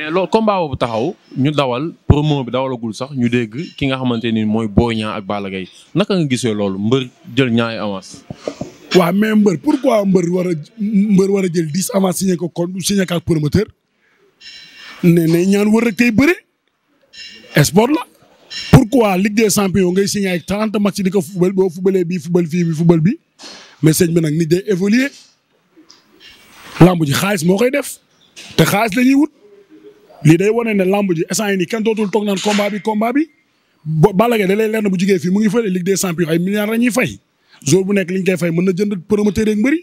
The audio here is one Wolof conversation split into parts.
mais loolu combat boobu taxaw ñu dawal promo bi dawalagul sax ñu dégg ki nga xamante ni mooy Boy Niang ak Balla Gaye naka nga gisee loolu mbër jël ñaari avance. waaw mais mbër pourquoi mbër war a mbër war a jël dix avance signé ko kon signé ko ak promoteur ne ne ñaan wër rek tey bëre sport la. pour Ligue liggéey champions ngay signé ak trente match di ko football boo footballee bii football fii bi football bi mais sëñ bi nag nit day évoluer lamb ji xaalis moo koy def lii day wane ne lamb ji instant yii nii kenn dootul toog naan combat bi combat bi bo Balla Gaye da leer na bu jugee fii mu ngi fële Ligue des champions ay milliards la ñuy fay jour bu nekk li ñu koy fay mën na jënd promoteur yeeg mbëri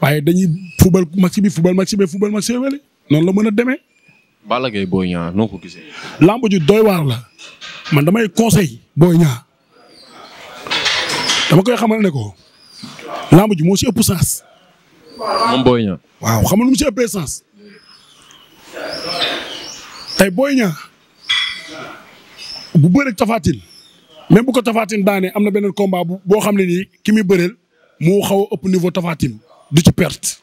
waaye dañuy fubal maxi bi fubal maxi bi fubal maxi bi noonu la mën a deme Balla Gaye Boy Niang noo ko gisee. lamb ji doy waar la man damay conseil Boy Niang dama koy xamal ne ko lamb ji moo si ëpp sens. moom Boy Niang. waaw xamal tey booy Niang bu bëreeg Tapha Tine même bu ko Tapha Tine daanee am na beneen combat bu boo xam ne nii ki muy bëreel moo xaw a ëpp niveau Tapha Tine du ci perte.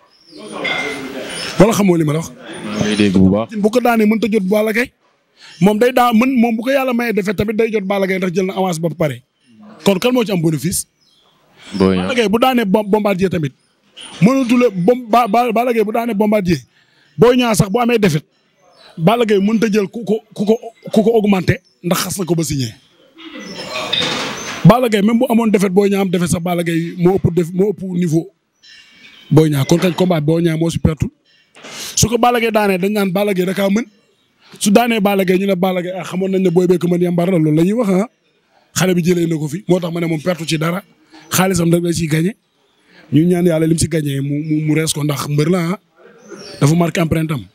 wala xamoo li ma la wax. ngay dégg bu ko daanee mënut a jot Balla Gaye moom day daa mën moom bu ko yàlla mayee defee tamit day jot Balla Gaye ndax jël na avance ba pare. kon kan moo ci am bénéfice. Boy Niang Balla Gaye bu daanee bombardier tamit mënatul a bom Balla Gaye bu daanee bombardier Boy Niang sax bu amee défaite Balla Gaye mënut a jël ku ko ku ko ku ko ndax xas na ko ba signé. Balla Gaye même bu amoon defet boo ñaa am defet sax Balla Gaye moo ëpp def moo ëpp niveau boo ñaa kon kañ combat boo ñaa moo si pertu su ko Balla Gaye daanee dañ naan Balla Gaye da kaa mën su daanee Balla Gaye ñu ne Balla Gaye ah, xamoon nañ ne booy beeg mën yàmbar la loolu la ñuy wax ah xale bi jëlee na ko fi moo tax ma ne moom pertu ci dara xaalisam rek la ciy gagné ñu ñaan yàlla lim si gagné mu mu mu rees ko ndax mbër la ah. dafa marqué empreinte am